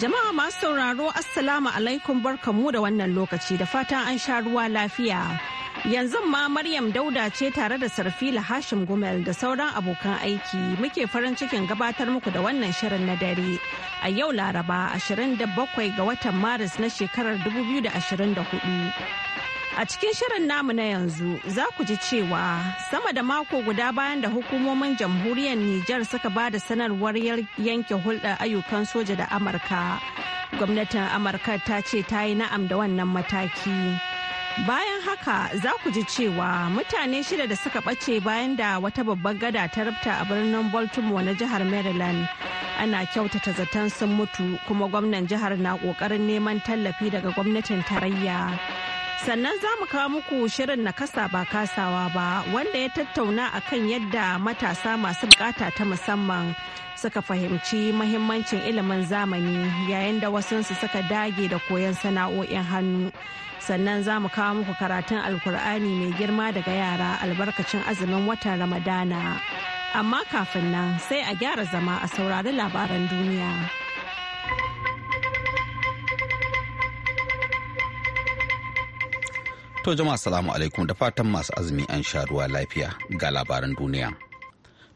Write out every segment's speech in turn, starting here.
Jama'a masu sauraro Assalamu alaikum barkamu da wannan lokaci da fatan an sha ruwa lafiya. Yanzu ma Maryam Dauda ce tare da Sarfila Hashim Gumel da sauran abokan aiki muke farin cikin gabatar muku da wannan shirin na dare. A yau Laraba 27 ga watan Maris na shekarar 2024. A cikin shirin namu na yanzu za ku ji cewa sama da mako guda bayan da hukumomin jamhuriyar Nijar suka ba da sanarwar yanke hulɗar ayyukan soja da Amurka. Gwamnatin Amurka ta ce ta yi na'am da wannan mataki. Bayan haka za ku ji cewa mutane shida da suka ɓace bayan da wata babbar gada ta rubta a birnin Baltimore na jihar Maryland. Ana kyautata zaton sun mutu kuma gwamnan jihar na ƙoƙarin neman tallafi daga gwamnatin tarayya. sannan za mu kawo muku shirin na kasa ba kasawa ba wanda ya tattauna a kan yadda matasa masu bukata ta musamman suka fahimci mahimmancin ilimin zamani yayin da wasunsu suka dage da koyon sana'o'in hannu sannan za mu kawo muku karatun alkur'ani mai girma daga yara albarkacin azumin watan ramadana amma kafin nan sai a gyara zama a saurari labaran duniya. To jama'a salamu alaikum da fatan masu azumi an sha ruwa lafiya ga labaran duniya.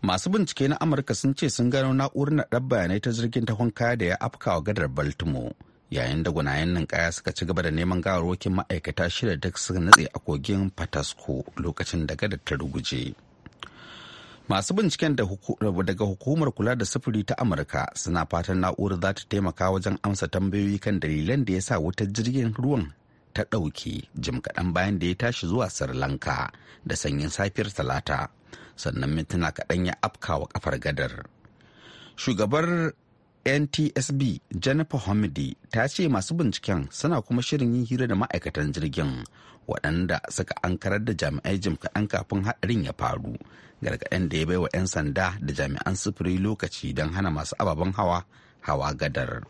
Masu bincike na Amurka sun ce sun gano na'urar naɗar bayanai ta jirgin tahon kaya da ya afka wa gadar Baltimore yayin da gunayen nan kaya suka ci gaba da neman gawarwakin ma'aikata shida da suka nutse a kogin Patasco lokacin da gadar ta ruguje. Masu binciken daga hukumar kula da sufuri ta Amurka suna fatan na'urar za ta taimaka wajen amsa tambayoyi kan dalilan da ya sa wutar jirgin ruwan ta ɗauke jim kaɗan bayan da ya tashi zuwa sri lanka da sanyin safiyar talata sannan mintuna kaɗan ya afka wa kafar gadar shugabar ntsb jennifer homedy ta ce masu binciken suna kuma shirin yin hira da ma'aikatan jirgin waɗanda suka ankarar da jami'ai jim kaɗan kafin haɗarin ya faru gargaɗin da ya bai wa 'yan sanda da jami'an sufuri lokaci don hana masu ababen hawa hawa gadar.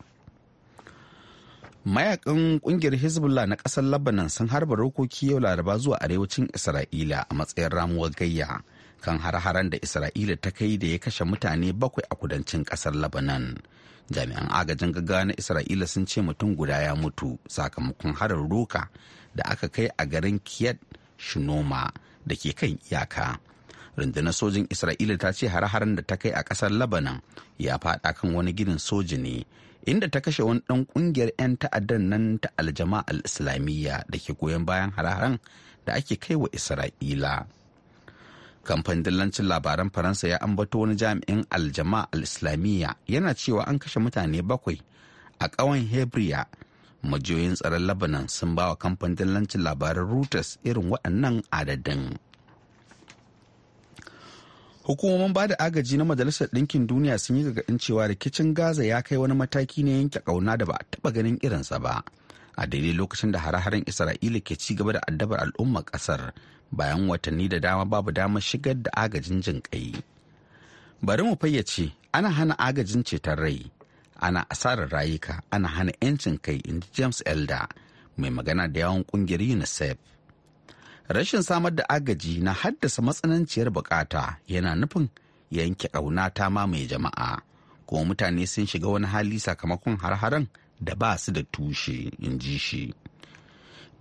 mayakan kungiyar hezbollah na kasar Labanan sun harba rokoki yau laraba zuwa arewacin isra'ila a matsayin ramuwar gayya kan har-haren da isra'ila ta kai da ya kashe mutane bakwai a kudancin kasar Labanan. jami'an agajin gaggawa na isra'ila sun ce mutum guda ya mutu sakamakon harin roka da aka kai a garin kiyat shinoma da ke kan iyaka rundunar sojin isra'ila ta ce har-haren da ta kai a kasar Labanan ya faɗa kan wani ginin soji ne inda ta kashe wani ɗan ƙungiyar 'yan ta'addan nan ta aljama al-islamiyya da ke goyon bayan hare-haren da ake kai wa isra'ila kamfanin dillancin labaran faransa ya ambato wani jami'in aljama al-islamiyya yana cewa an kashe mutane bakwai a ƙawan hebriya majiyoyin tsaron labanan sun ba wa kamfanin dillancin labaran reuters irin waɗannan adadin hukumomin ba da agaji na majalisar ɗinkin duniya sun yi gargaɗin cewa rikicin gaza ya kai wani mataki na yanke ƙauna da ba a taɓa ganin irinsa ba a daidai lokacin da hare-haren isra'ila ke ci gaba da addabar al'ummar ƙasar bayan watanni da dama babu damar shigar da agajin jin ƙai bari mu fayyace ana hana agajin ceton rai ana asarar rayuka ana hana 'yancin kai in james elder mai magana da yawon ƙungiyar unicef rashin samar da agaji na haddasa matsananciyar bukata yana nufin yanke ƙauna ta mai jama'a kuma mutane sun shiga wani hali sakamakon har-haren da ba su da tushe in ji shi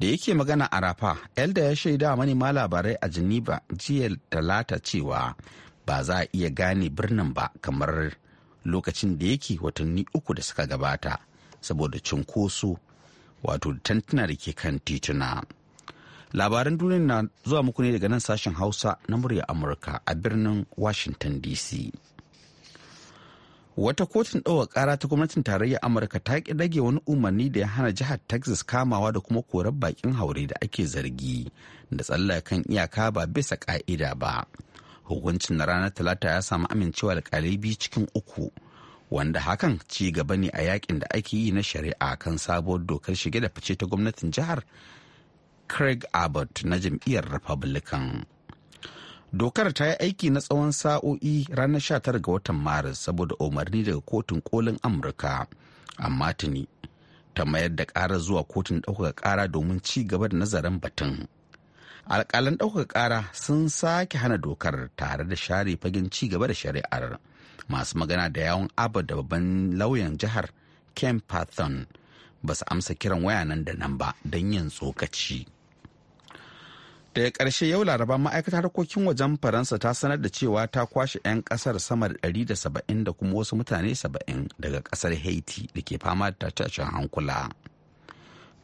da yake magana a rafa elda ya shaida manema labarai a geneva jiya talata cewa ba za a iya gane birnin ba kamar lokacin da yake watanni uku da suka gabata saboda cunkoso wato tantuna da ke kan tituna. labaran duniya na zuwa muku ne daga nan sashen hausa na murya amurka a birnin washington dc wata kotun ɗaukar ƙara ta gwamnatin tarayyar amurka ta ƙi rage wani umarni da ya hana jihar texas kamawa da kuma korar bakin haure da ake zargi da tsalla kan iyaka ba bisa ƙa'ida ba hukuncin na ranar talata ya samu amincewa da cikin uku wanda hakan ci gaba ne a yakin da ake yi na shari'a kan sabuwar dokar shige da fice ta gwamnatin jihar Craig Abbott na jam'iyyar Republican. Dokar ta yi aiki na tsawon sa'o'i ranar 19 ga watan Maris saboda umarni daga kotun kolin Amurka, amma tuni ta mayar da ƙara zuwa kotun ɗaukaka ƙara domin ci gaba da nazarin batun. Alƙalan ɗaukaka ƙara sun sake hana dokar tare da share fagen ci gaba da shari'ar. Masu magana da yawon Abbott da babban lauyan jihar Ken ba su amsa kiran waya nan da nan ba don yin tsokaci. daga ƙarshe yau laraba ma'aikatar harkokin wajen faransa ta sanar da cewa ta kwashe 'yan ƙasar sama da 170 da kuma wasu mutane 70 daga ƙasar haiti da ke fama da tashin hankula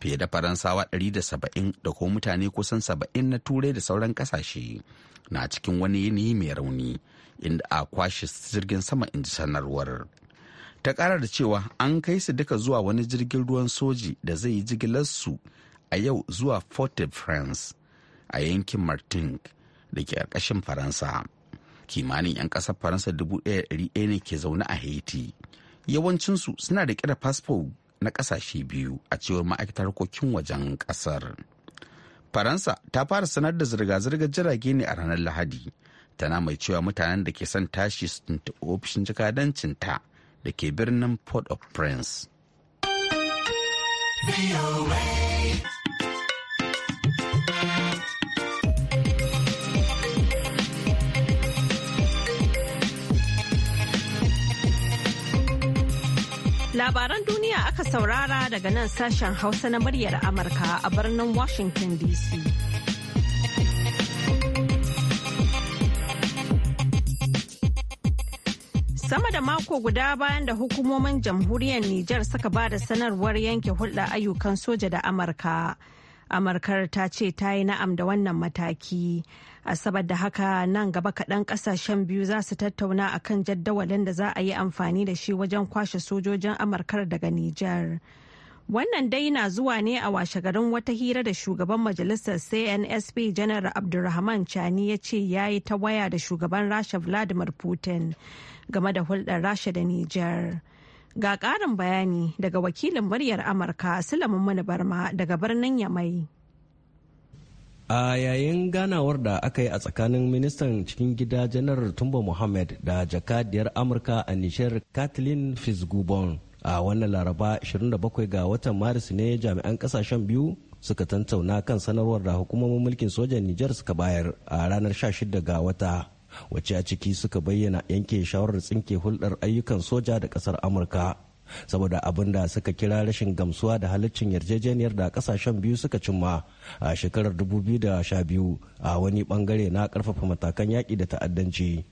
fiye da faransawa 170 da kuma mutane kusan 70 na turai da sauran ƙasashe na cikin wani yanayi mai rauni inda a kwashe jirgin sama in ji sanarwar ta kara da cewa an kai su duka zuwa wani jirgin ruwan soji da zai yi su a yau zuwa fort de france a yankin Martin da ke ƙarƙashin faransa kimanin 'yan ƙasar faransa 1,100 ne ke zaune a haiti yawancinsu suna da kira fasfo na ƙasashe biyu a cewar ma'aikatar harkokin wajen ƙasar faransa ta fara sanar da zirga-zirgar jirage ne a ranar lahadi tana mai cewa mutanen da ke son tashi su tuntuɓi ofishin ta da ke birnin port of prince Labaran duniya aka saurara daga nan sashen Hausa na muryar Amurka a birnin Washington DC. Sama da mako guda bayan da hukumomin jamhuriyar Nijar suka ba da sanarwar yanke hulɗa ayyukan soja da Amurka. Amurkar ta ce ta yi na'am da wannan mataki. Asabar da haka nan gaba kaɗan ƙasashen biyu za su tattauna a kan jaddawalin da za a yi amfani da shi wajen kwashe sojojin Amurkar daga Nijar. Wannan dai na zuwa ne a washegarin wata hira da shugaban majalisar CNSP janar Abdulrahman Chani ya ce ya yi ta waya da shugaban Rasha Vladimir Putin game da hulɗar Rasha da Nijar. Ga ƙarin bayani daga wakilin muryar Amurka Sulaiman Mani Barma daga birnin Yamai. a yayin ganawar da aka yi a tsakanin ministan cikin gida janar tumba muhammad da jakadiyar amurka a Nijar kathleen fitzgibbon a wannan laraba 27 ga watan maris ne jami'an kasashen biyu suka tantauna kan sanarwar da hukumomin mulkin sojan nijar suka bayar a ranar 16 ga wata wacce a ciki suka bayyana yanke shawarar tsinke hulɗar ayyukan soja da ƙasar amurka saboda abin da suka kira rashin gamsuwa da halaccin yarjejeniyar da ƙasashen biyu suka cimma a shekarar 2012 a wani bangare na ƙarfafa matakan yaƙi da ta'addanci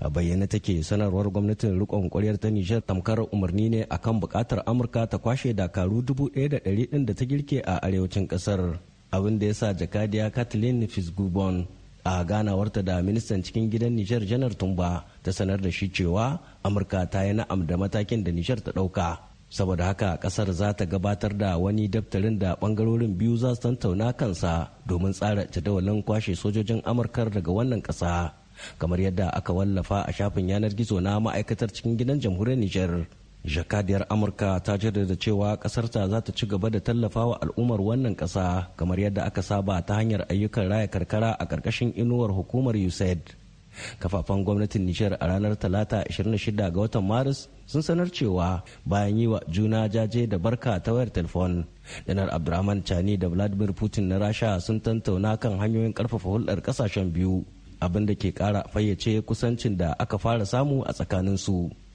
a bayyana take sanarwar gwamnatin rikon kwaryar ta nijar tamkar umarni ne akan buƙatar amurka ta kwashe dakaru 1,100 ɗin da ta girke a arewacin ƙasar abin da ya sa jakadiya kathleen Fisgubon. a ganawarta da ministan cikin gidan nijar janar tumba ta sanar da shi cewa amurka ta yi na'am da matakin da nijar ta ɗauka saboda haka ƙasar za ta gabatar da wani daftarin da bangarorin biyu za su tantauna kansa domin tsara jadawalin kwashe sojojin amurka daga wannan ƙasa kamar yadda aka wallafa a shafin yanar gizo na ma'aikatar cikin gidan jamhuriyar nijar jakadiyar amurka ta jaddada cewa kasarta za ta ci gaba da tallafawa al'ummar wannan kasa kamar yadda aka saba ta hanyar ayyukan raya karkara a karkashin inuwar hukumar usaid kafafen gwamnatin nijar a ranar talata 26 ga watan maris sun sanar cewa bayan yi wa juna jaje da barka ta wayar telefon janar abdurrahman chani da vladimir putin na rasha sun tantauna kan hanyoyin karfafa hulɗar kasashen biyu abin da ke kara fayyace kusancin da aka fara samu a tsakaninsu. su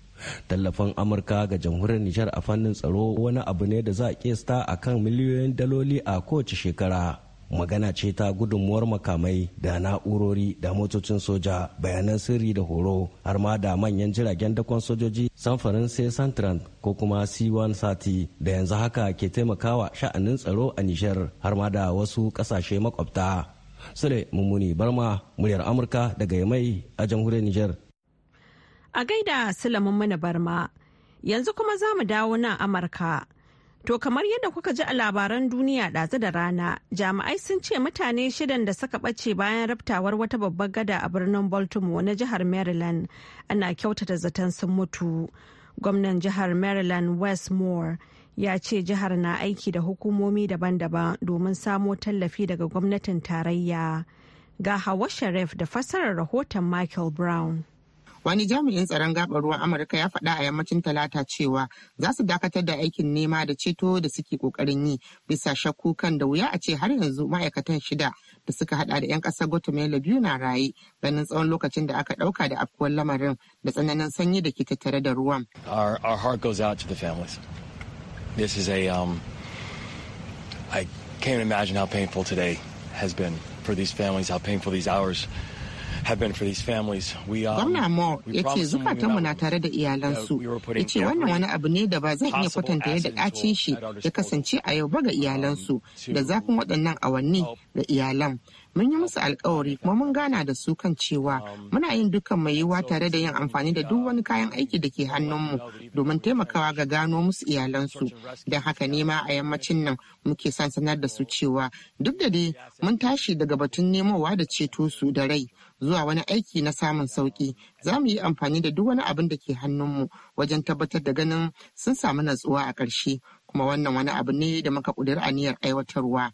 tallafin amurka ga jamhuriyar nijar a fannin tsaro wani abu ne da za a kesta a kan miliyoyin daloli a kowace shekara magana ce ta gudunmuwar makamai da na'urori da motocin soja bayanan sirri da horo har ma da manyan jiragen dakon sojoji samfarin sai santran ko kuma c1 sati da yanzu haka ke taimakawa sha'anin tsaro a Nijar har ma da wasu kasashe makwabta sule mummuni barma muryar amurka daga yamai a jamhuriyar nijar A gaida Sulaiman mana barma, yanzu kuma za mu dawo nan Amurka. To kamar yadda kuka ji a labaran duniya ɗazu da rana, jami'ai sun ce mutane shidan da suka ɓace bayan raftawar wata babbar gada a birnin Baltimore na jihar Maryland ana kyautata zaton sun mutu. Gwamnan jihar Maryland West Moore ya ce jihar na aiki da hukumomi daban-daban domin samo tallafi daga gwamnatin tarayya. Ga Hawa Sharif da fassarar rahoton Michael Brown. Wani jami'in tsaron gabar ruwan Amurka ya faɗa a yammacin talata cewa za su dakatar da aikin nema da ceto da suke kokarin yi bisa shakku kan da wuya a ce har yanzu ma'aikatan shida da suka hada da 'yan ƙasar Guatemala biyu na raye ganin tsawon lokacin da aka ɗauka da afkuwar lamarin da tsananin sanyi da ke tattare da ruwan. a um, I can't imagine how painful today has been for these families, how painful these hours Um, Gwamna Mo ya ce zukatanmu na tare da iyalansu. Ya ce wannan wani abu ne da ba zan iya kwatanta yadda ɗaci shi ya kasance a yau ba ga iyalansu um, da zafin waɗannan awanni ga iyalan. mun yi musu alkawari kuma mun gana da su kan cewa um, muna yin dukkan mai yiwuwa tare da yin amfani da duk wani kayan aiki da ke hannunmu domin taimakawa ga gano musu iyalansu don haka ne ma a yammacin nan muke sansanar sanar da su cewa duk da dai mun tashi daga batun nemowa da ceto su da rai zuwa wani aiki na samun sauki za mu yi amfani da duk wani abin da ke hannunmu wajen tabbatar da ganin sun samu natsuwa a ƙarshe kuma wannan wani abu ne da muka ƙudiri aniyar aiwatarwa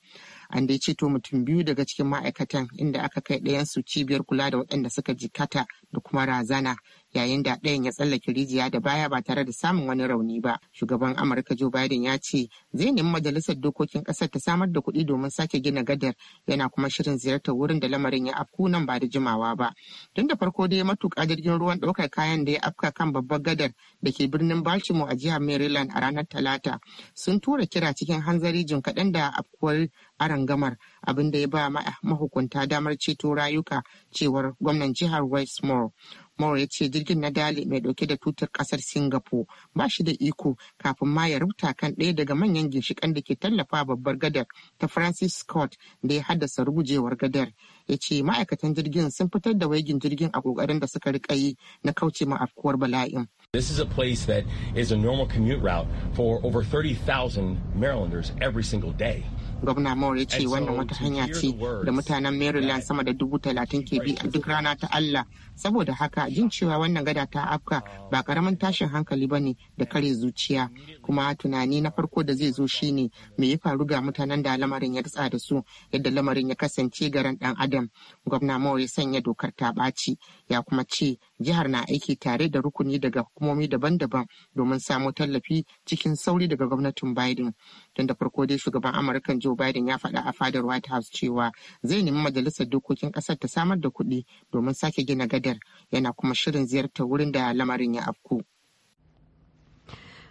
an dai to mutum biyu daga cikin ma'aikatan inda aka kai ɗayan su cibiyar kula da waɗanda suka jikata da kuma razana yayin da ɗayan ya tsallake rijiya da baya ba tare da samun wani rauni ba shugaban amurka joe biden ya ce zai nemi majalisar dokokin ƙasar ta samar da kuɗi domin sake gina gadar yana kuma shirin ziyartar wurin da lamarin ya afku nan ba da jimawa ba tun da farko dai matuƙa jirgin ruwan ɗaukar kayan da ya afka kan babbar gadar da ke birnin baltimore a jihar maryland a ranar talata sun tura kira cikin hanzari jin kaɗan da afkuwar arangamar abin da ya ba mahukunta damar ceto rayuka cewar gwamnan jihar westmore Moore ya ce jirgin na Dali mai dauke da tutar kasar Singapore ba shi da iko kafin ma ya rubuta kan ɗaya daga manyan ginshikan da ke tallafa babbar gadar ta Francis Scott da ya haddasa rugujewar gadar. Ya ce ma'aikatan jirgin sun fitar da waigin jirgin a kokarin da suka rika yi na kauce ma afkuwar bala'in. This is a place that is a normal commute route for over 30,000 Marylanders every single day. gwamna more ce wannan wata hanya ce da mutanen maryland sama da dubu talatin ke bi a duk rana ta allah saboda haka jin cewa wannan gada ta afka ba karamin tashin hankali ba ne da kare zuciya kuma tunani na farko da zai zo shine me ya faru ga mutanen da lamarin ya ritsa da su yadda lamarin ya kasance garan dan adam gwamna more sanya dokar ta ɓaci ya kuma ce jihar na aiki tare da rukuni daga hukumomi daban-daban domin samo tallafi cikin sauri daga gwamnatin Biden. Tun da farko dai shugaban Amurka Joe Biden ya faɗa a fadar White House cewa zai nemi majalisar dokokin ƙasar ta samar da kuɗi domin sake gina gadar yana kuma shirin ziyartar wurin da lamarin ya afku.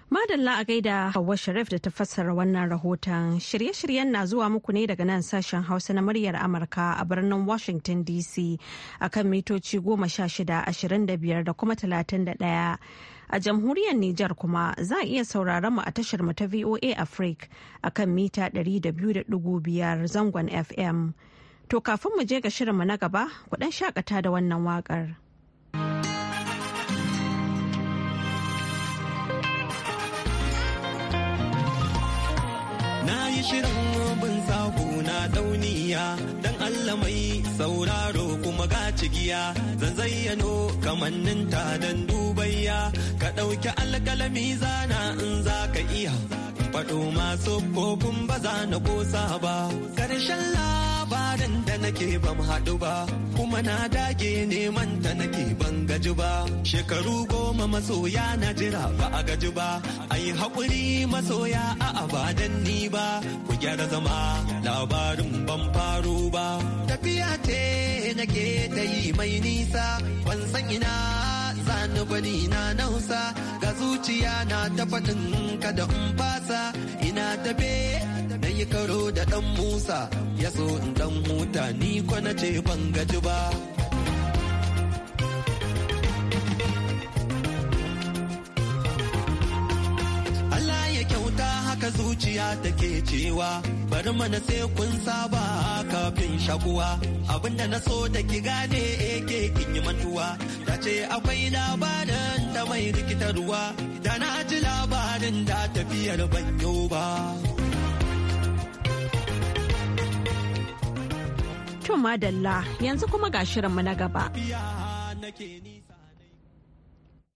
Madalla a gaida Hauwa Sharif da ta fassara wannan rahoton. Shirye-shiryen na zuwa muku ne daga nan sashen Hausa na muryar Amurka a birnin Washington DC a kan mitoci goma sha shida ashirin da biyar da kuma talatin da ɗaya. A jamhuriyar Nijar kuma za a iya sauraron mu a tashar mu ta VOA Africa kan mita ɗari da biyu da biyar zangon FM. To kafin mu je ga mu na gaba, ku ɗan shakata da wannan waƙar. shirin bin sako na dauniya dan Allah mai sauraro kuma ga cigiya zan zayyano kamanninta dan dubayya ka ɗauki alƙalami zana in zaka iya faɗo masu kofin ba za na kosa ba ƙarshen labarin da nake ban haɗu ba kuma na dage neman ta nake ban gaji ba shekaru goma masoya na jira ba a gaji ba ayi haƙuri masoya a abadan ni ba ku gyara zama labarin ban faru ba tafiya ce nake ta yi mai nisa ban san ina sani gwani na nausa ga zuciya na ta faɗin kada in fasa ina tafe na yi karo da ɗan musa ya so in ɗan huta ni ko na ce ban gaji ba. haka zuciya take cewa bari mana sai kun saba kafin shakuwa abinda na so da ki gane eh, ke kin yi mantuwa ta ce akwai labarin ta mai rikitarwa da na ji labarin da tafiyar yau ba To madalla yanzu kuma ga shirinmu na gaba.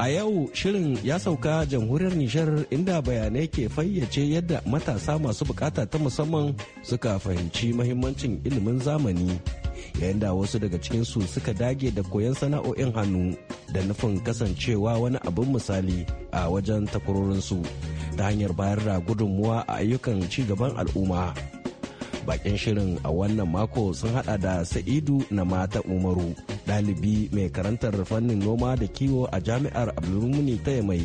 A yau shirin ya sauka jamhuriyar Nijar inda bayanai ke fayyace yadda matasa masu bukata ta musamman suka fahimci mahimmancin ilimin zamani yayin da wasu daga cikinsu suka dage da koyon sana'o'in hannu da nufin kasancewa wani abin misali a wajen takwarorinsu ta hanyar bayar da gudunmuwa a ayyukan ci gaban al'umma. bakin shirin a wannan mako sun hada da sa'idu na mata umaru ɗalibi mai karantar fannin noma da kiwo a jami'ar abdulmuni ta mai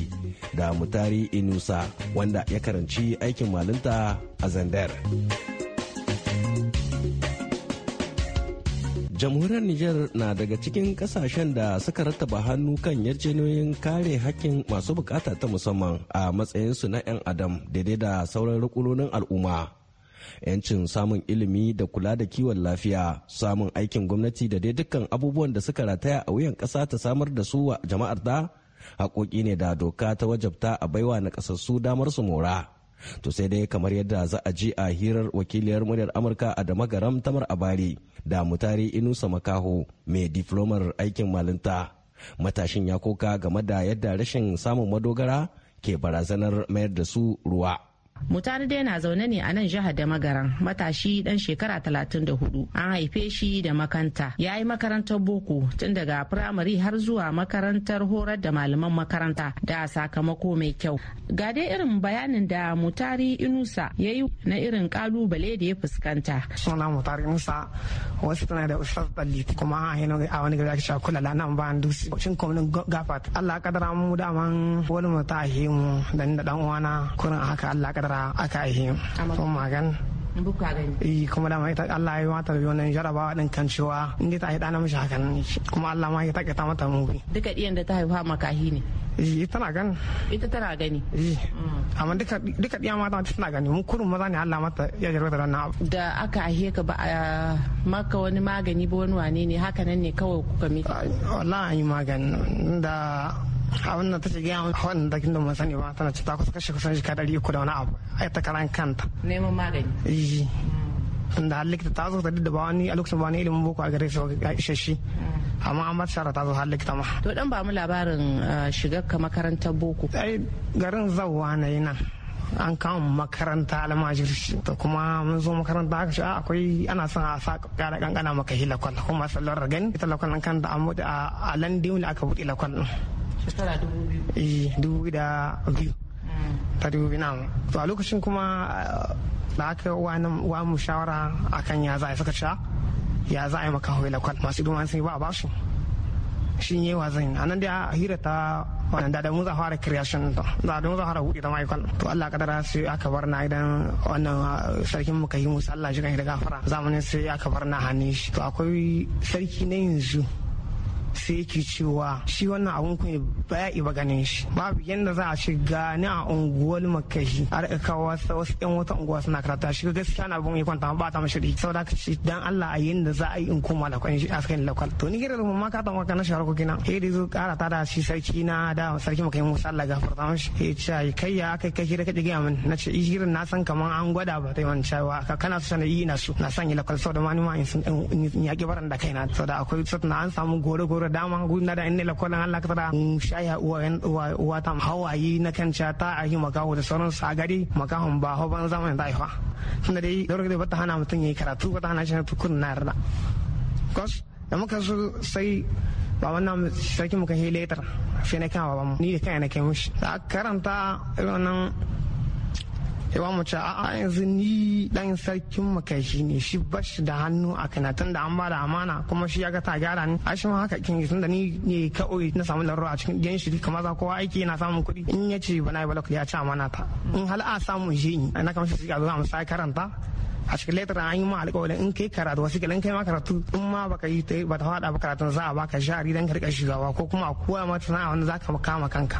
da mutari inusa wanda ya karanci aikin malinta a zandar jamhuriyar niger na daga cikin kasashen da suka rattaba hannu kan yarjejeniyoyin kare hakkin masu bukata ta musamman a matsayinsu na 'yan adam daidai da sauran rukunonin al'umma yancin samun ilimi da kula da kiwon lafiya samun aikin gwamnati da dai dukkan abubuwan da suka rataya a wuyan ƙasa ta samar da su wa jama'ar da haƙoƙi ne da doka ta wajabta a baiwa na ƙasassu damar su mora to sai dai kamar yadda za a ji a hirar wakiliyar muryar amurka a garam tamar abari da mutari inusa makaho mai diflomar aikin malinta matashin ya koka game da yadda rashin samun madogara ke barazanar mayar da su ruwa Mutane dai na zaune ne a nan jihar da magaran matashi dan shekara 34 an haife shi da makanta ya yi makarantar boko tun daga firamare har zuwa makarantar horar da malaman makaranta da sakamako mai kyau ga dai irin bayanin da mutari inusa ya yi na irin kalubale da ya fuskanta suna mutari inusa wasu tana da ustaz dalli kuma a wani gari ake cewa kula la nan ba dusi cin kwamnin gafat allah kadara mu daman wani mu ta mu da dan uwana kurin haka allah kadara aka aihe kuma magan eh kuma dama ita Allah ya mata biyo nan jaraba din kan cewa in ta haida na mishi hakan kuma Allah ma ya ta mata mubi. duka ɗiyan da ta haifa makahi ne eh tana gani ita tana gani eh mm. amma duka duka diya mata tana gani mun kurun maza ne Allah mata ya jarrata da abu. da aka ahe ka ba a maka wani magani ba wani wane ne haka nan ne kawai kuka miki wallahi magani da abin da ta ce gaya wani da kinda mun sani ba tana ce ta kusa kashe kusan shi kadari uku da wani abu ai ta karan kanta neman magani yi eh. mm. tunda har likita ta zo ta didda ba wani a lokacin ba wani ilimin boko a gare shi ga isheshe mm. amma an bata shara ta zo har likita ma to dan ba mu labarin uh, shigar ka makarantar boko ai garin zawwa na yi nan an kawo makaranta almajirci to kuma mun zo makaranta aka ce ah, akwai ana son a sa kara kankana maka hilakwal kuma sallar gani ita lakwal kan da a landi aka buɗe lakwal shekara dubu biyu eh dubu da biyu ta mm. dubu biyu namu to a lokacin kuma eh, da aka yi wa mu shawara akan ya za a suka sha ya za a yi maka hoila lakwal masu ido an sai ba a ba shi ne wa zan a nan da hira ta wannan da mun za fara creation ta da mu za fara hudu da mai kwal to Allah kadara sai aka bar na idan wannan ah, sarkin mu yi musu Allah shi kan daga fara zamanin sai aka bar na hannun shi to akwai sarki na yanzu sai yake cewa shi wannan abun kunya ba ya iba ganin shi babu yadda za a ce ni a unguwar makashi a rika kawo wasu yan wata unguwa suna karata shi gaskiya na abun ya kwanta ba ta mashi saboda ka dan Allah a yadda za a yi in koma da kwanci a cikin lokal to ni gidan mun ma ka tanwa na shahara ko kina eh da zo kara ta da shi sarki na da sarki maka yin musa Allah gafarta mashi eh ce kai ya kai kai da kaje ga min na ce irin na san kaman an gwada ba ta yi wani cewa kana su sanayi na su na sanya lokal saboda ma ni ma in san ya ki baran da kaina saboda akwai saboda an samu gore gore da dama gudun da in ne lakwalin Allah ka tara mun shaya uwayen uwa ta hawaye na kan cha ta a yi makaho da sauran sa gari makahon ba ho ban zaman da aiwa tunda dai dole da bata hana mutum yayi karatu bata hana shi na tukun na yarda kos da muka so sai baban na sarki muka hi letter sai na kama baban ni da kai na kai mushi da karanta irin sai ba mu ce a yanzu ni dan sarkin makashi ne shi bashi da hannu a tun da an ba da amana kuma shi ya ga ta gyara ni a shi ma haka kin da ni ne kawai na samu larura a cikin gidan shi kamar za kowa aiki yana samun kuɗi in ya ce bana yi balak ya ci amana ta in hal'a a samu shi na kamar shi ga zo a sai karanta a cikin letter an yi ma alƙawarin in kai karatu wasu kilan kai ma karatu in ma baka yi ta ba ta faɗa ba karatun za a baka shari dan karɓar shugaba ko kuma a koya ma sana'a wanda za ka kama kanka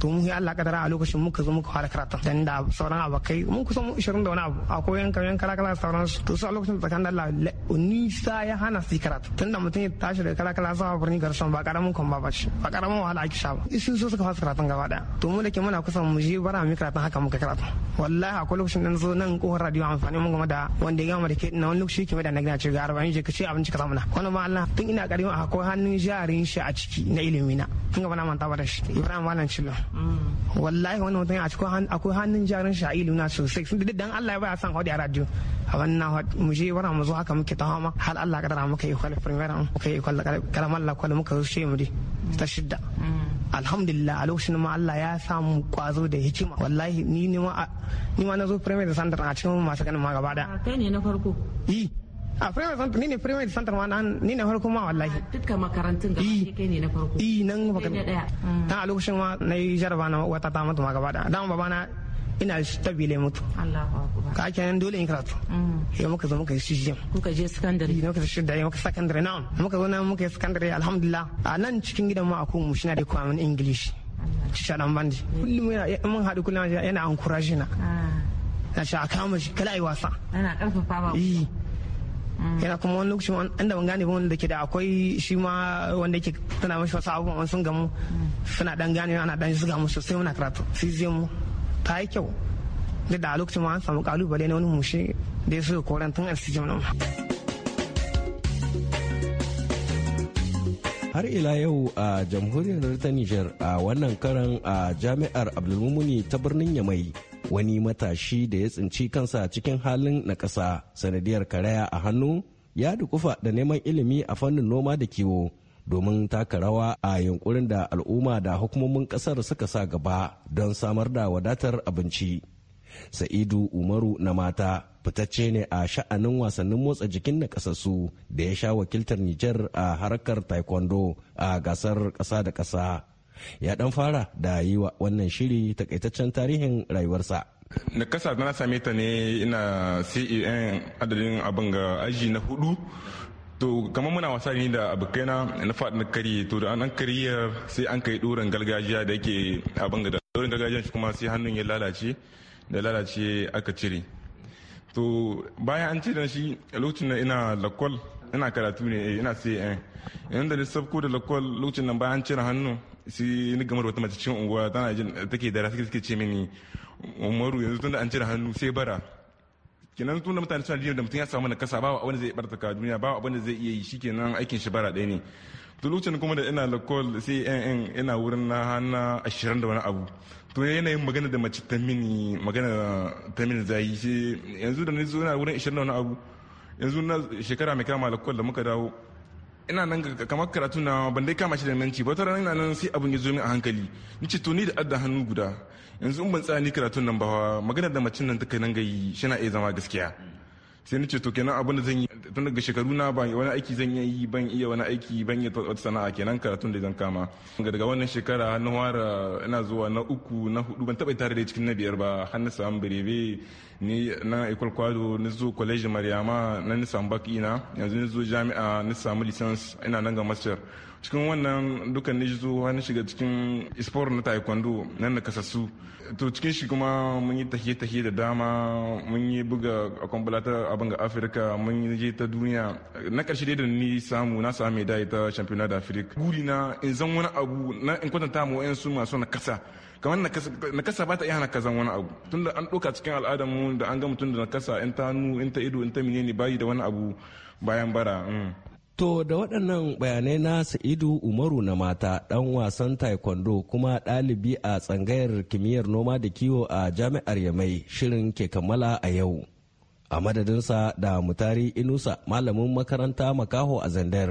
to mu yi Allah kadara a lokacin muka zo muka fara karatu dan da sauran abakai mun kusa mu 20 da wani abu a koyan kan kala kala sauran su to su a lokacin tsakanin Allah nisa ya hana su karatu tun da mutum ya tashi daga kala kala zuwa birni garson ba karamin kon ba bace ba karamin wahala ake sha ba sun so suka fara karatun gaba daya to mu da ke muna kusa mu je bara mu karatun haka muka karatu wallahi a lokacin nan zo nan kohon radio amfani mun game da da wanda ya gama da ke na wani lokaci ke mai da nagina ce cirga arba'in je ka ce abinci ka samu wani ma Allah tun ina karimi a akwai hannun jarin shi a ciki na ilimi na tun gaba na manta ba da shi Ibrahim Malam Cillo mm. wallahi wani mutum a cikin akwai hannun jarin shi a ilimi na sosai sun da dan Allah ya baya san hodi a radio a wannan mu je wani mu zo haka muke ta hama har Allah ka dara muka yi kwalifin muka yi kwalifin karamar lakwal muka zo shi mu dai ta shidda. Mm. alhamdulillah a lokacin ma Allah ya samu kwazo da hikima wallahi ni ne ma ni ma na zo primary center a cikin masu ganin ma gaba da kai ne na farko yi a primary center ni ne primary center ma nan ni ne farko ma wallahi dukkan makarantun gaba kai ne na farko yi nan makarantun a lokacin ma na yi jaraba na wata ta mutu ma gaba da dan babana. ina ta mutu ka ake nan dole in karatu ya mm. muka zo muka yi shijiyan muka je sakandare ne muka shidda muka sakandare na muka zo nan muka yi sakandare alhamdulillah a nan cikin gidan mu akwai mu shi na da kwamin english dan bandi kullum mun haɗu kullum yana encourage na ah. na ce a kama shi kala yi wasa yana karfafa ba mm. yana kuma wani lokaci inda ban gane wanda ke da akwai shi ma wanda ke tana mashi wasu abubuwan sun gamu mm. suna dan gane ana dan zuga mu sosai muna karatu sai zai mu ta yi kyau duk da lokacin ma an samu kalubale na wani mushe da ya suka korantun alsijin nan. har ila yau a jamhuriyar ta Nijar a wannan karan a jami'ar Abdulmumuni ta birnin Yamai wani matashi da ya tsinci kansa cikin halin na ƙasa sanadiyar karaya a hannu ya dukufa da neman ilimi a fannin noma da kiwo domin taka rawa a yunkurin da al'umma da hukumomin kasar suka sa gaba don samar da wadatar abinci. Sa'idu Umaru na mata fitacce ne a sha'anin wasannin motsa jikin na kasassu da ya sha wakiltar Nijar a harkar taekwondo a gasar ƙasa da ƙasa. Ya ɗan fara da yi wa wannan shiri takaitaccen tarihin rayuwarsa. na kasa na same ta ne ina cen adadin abin ga aji na hudu to kamar muna wasa ne da abokai na na faɗi na kari to da an ya sai an kai ɗorin gargajiya da yake abin da ɗorin gargajiya shi kuma sai hannun ya lalace da lalace aka cire to bayan an cire shi lokacin da ina lakwal ina karatu ne eh, ina sai yan yan da ko da lakwal lokacin nan bayan cire hannu sai ni gamar wata mace cikin unguwa tana jin take da suke ce mini umaru yanzu tunda an cire hannu sai bara kenan tun da mutane suna da mutum ya samu na kasa ba wani zai barta ka duniya ba wani zai iya yi shikenan aikin shi bara ɗaya ne to lokacin kuma da ina call sai yan ina wurin na hana ashirin da wani abu to yanayin magana da mace ta mini magana ta mini zai shi yanzu da ni zuwa wurin ashirin da wani abu yanzu na shekara mai kama call da muka dawo ina nan kamar karatu na ban dai kama shi da nanci ba tare ina nan sai abin ya zo min a hankali ni ce to ni da adda hannu guda yanzu in ban tsaya ni karatun nan ba maganar da macin nan take nan gai shi na iya zama gaskiya sai ni ce to kenan abin da zan yi tun daga shekaru na ban wani aiki zan yi ban iya wani aiki ban iya wata sana'a kenan karatun da zan kama daga wannan shekara na wara ina zuwa na uku na hudu ban taba tare da cikin na biyar ba har na samu birebe ni na ikwal kwado na zo college mariama na ni samu baki yanzu ni zo jami'a na samu lisans ina nan ga master cikin wannan dukkan ne zo wani shiga cikin sport na taekwondo nan na kasassu to cikin shi kuma mun yi tahiye-tahiye da dama mun yi buga a ta abin ga afirka mun yi je ta duniya na karshe dai da ni samu na samu medali ta championnat d'afrique guri na in zan wani abu na in kwatanta mu ma su masu na kasa kamar na kasa ba ta iya hana kazan wani abu tunda an ɗauka cikin al'adar mu da an ga mutum da na kasa in ta hannu in ta ido in ta menene bayi da wani abu bayan bara mm. To da waɗannan bayanai na Sa'idu Umaru na mata ɗan wasan taekwondo kuma ɗalibi a tsangayar kimiyyar noma da kiwo a jami'ar Yamai shirin ke kammala a yau. A madadinsa da mutari Inusa malamin makaranta makaho a Zandar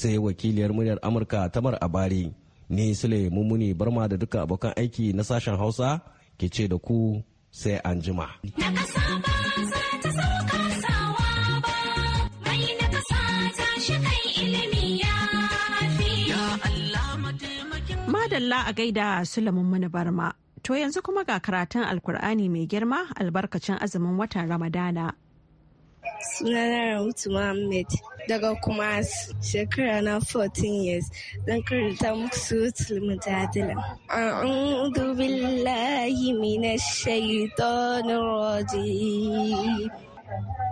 sai wakiliyar muryar Amurka Tamar Abari ni Sule Mummuni Barma da duka abokan aiki na sashen Hausa ke ce da ku sai an jima. Madalla a gaida sulamin mana Barma. To yanzu kuma ga karatun Alkur'ani mai girma albarkacin azumin watan Ramadana. Sunana Rahutu Muhammad daga kuma shekara na 14 years zan karanta muku sutul mutadila. billahi minash shaitanir rajim.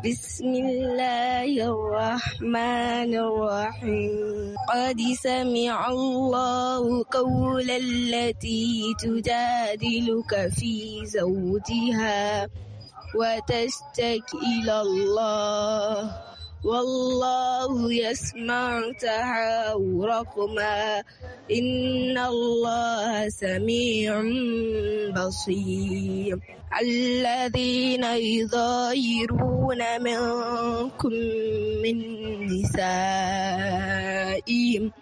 بسم الله الرحمن الرحيم قد سمع الله قول التي تجادلك في زوجها وتشتكي إلى الله والله يسمع تحاوركما إن الله سميع بصير الذين يظاهرون منكم من نسائهم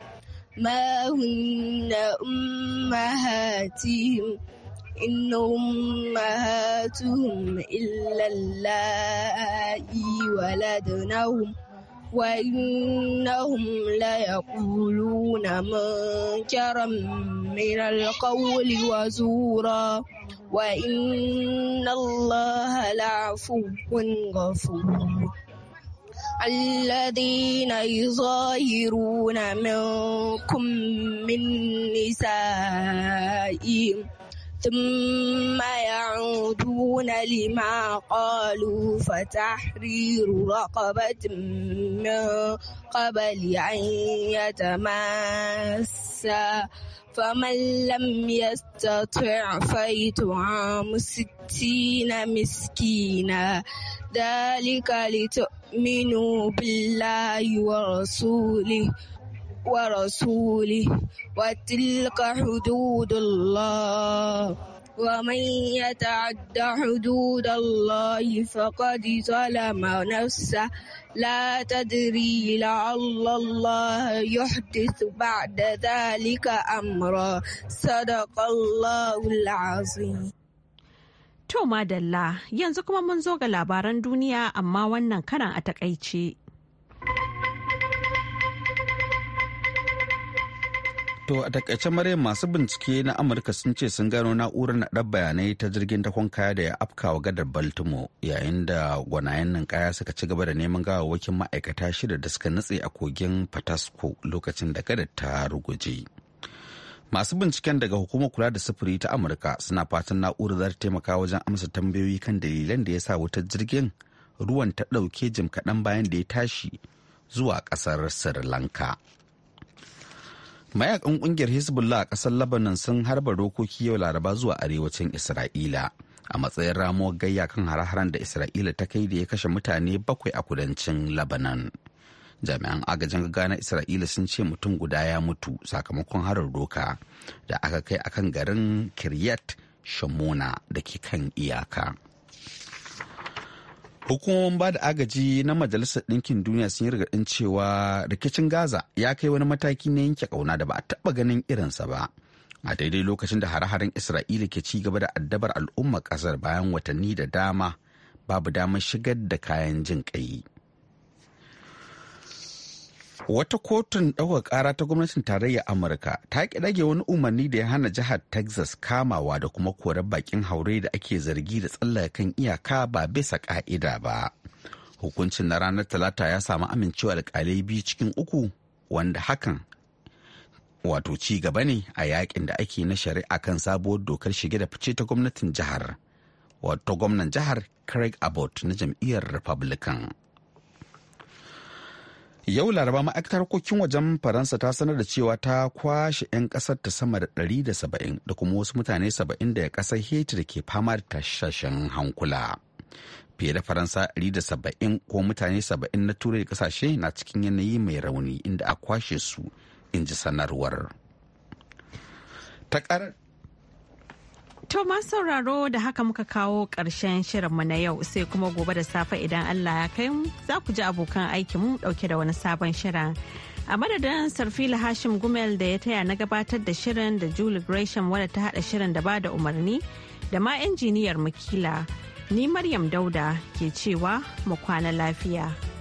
ما هن أمهاتهم إن أمهاتهم إلا اللائي ولدنهم وإنهم ليقولون منكرا من القول وزورا وإن الله لعفو غفور الذين يظاهرون منكم من نسائهم ثم يعودون لما قالوا فتحرير رقبة من قبل أن يتماسا فمن لم يستطع فيطعام ستين مسكينا ذلك لتؤمنوا بالله ورسوله ورسوله وتلك حدود الله ومن يتعد حدود الله فقد ظلم نفسه لا تدري لعل الله يحدث بعد ذلك أمرا صدق الله العظيم To madalla yanzu kuma mun zo ga labaran duniya amma wannan karan a takaice. To a takaice Maryam masu bincike na Amurka sun ce sun gano na'urar naɗar bayanai ta jirgin takon kaya da ya afkawa gadar Baltimore yayin da gwanayen nan kaya suka ci gaba da neman gawawwakin ma'aikata shida da suka nutse a kogin Patasco lokacin da gadar ta ruguje. Masu binciken daga hukumar kula da sufuri ta Amurka suna fatan na'urar za ta taimaka wajen amsa tambayoyi kan dalilan da ya sa wutar jirgin ruwan ta ɗauke jim kaɗan bayan da ya tashi zuwa ƙasar Sri Lanka. mayakan kungiyar hezbollah a kasar lebanon sun harba rokoki yau laraba zuwa arewacin isra'ila a matsayin ramuwar gayya kan hare-haren da isra'ila ta kai da ya kashe mutane bakwai a kudancin lebanon jami'an agajin gaggawa na isra'ila sun ce mutum guda ya mutu sakamakon harin doka da aka kai akan garin kiryat shamona da ke kan iyaka Hukumomin ba da agaji na Majalisar Ɗinkin Duniya sun yi rigaɗin cewa rikicin Gaza ya kai wani mataki na yanke ƙauna da ba a taɓa ganin irinsa ba. A daidai lokacin da hare-haren Isra'ila ke ci gaba da addabar al'ummar ƙasar bayan watanni da dama babu damar shigar da kayan jin ƙai. Wata kotun ɗaukar ƙara ta gwamnatin tarayyar Amurka ta ki rage wani umarni da ya hana jihar Texas kamawa da kuma korar bakin haure da ake zargi da tsallaka kan iyaka ba bisa ƙa'ida ba. Hukuncin na ranar Talata ya samu amincewa alƙalai biyu cikin uku wanda hakan wato ci gaba ne a yakin da ake na shari'a kan sabuwar dokar shige da fice ta gwamnatin jihar wato gwamnan jihar craig abbott na jam'iyyar republican Yau Laraba ma'aikatar harkokin wajen Faransa ta sanar da cewa ta kwashe 'yan kasar ta sama da 170 da kuma wasu mutane 70 daga kasar Haiti da ke fama da tashashen hankula. Fiye da Faransa 170 ko mutane 70 na turai da kasashe na cikin yanayi mai rauni inda a kwashe su, in ji sanarwar. To masu sauraro da haka muka kawo ƙarshen mu na yau sai kuma gobe da safe idan Allah ya kai mu za ku ji abokan aikin mu ɗauke da wani sabon shirin. A madadin Sarfila Hashim Gumel da ya taya na gabatar da shirin da Julie Gresham wadda ta haɗa shirin da ba da umarni da ma injiniyar makila. Ni Maryam Dauda ke cewa mu kwana lafiya.